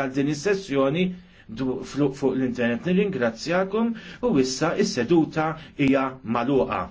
għal din is-sessjoni fuq l-internet. Nirringrazzjakom u issa is-seduta hija magħluqa.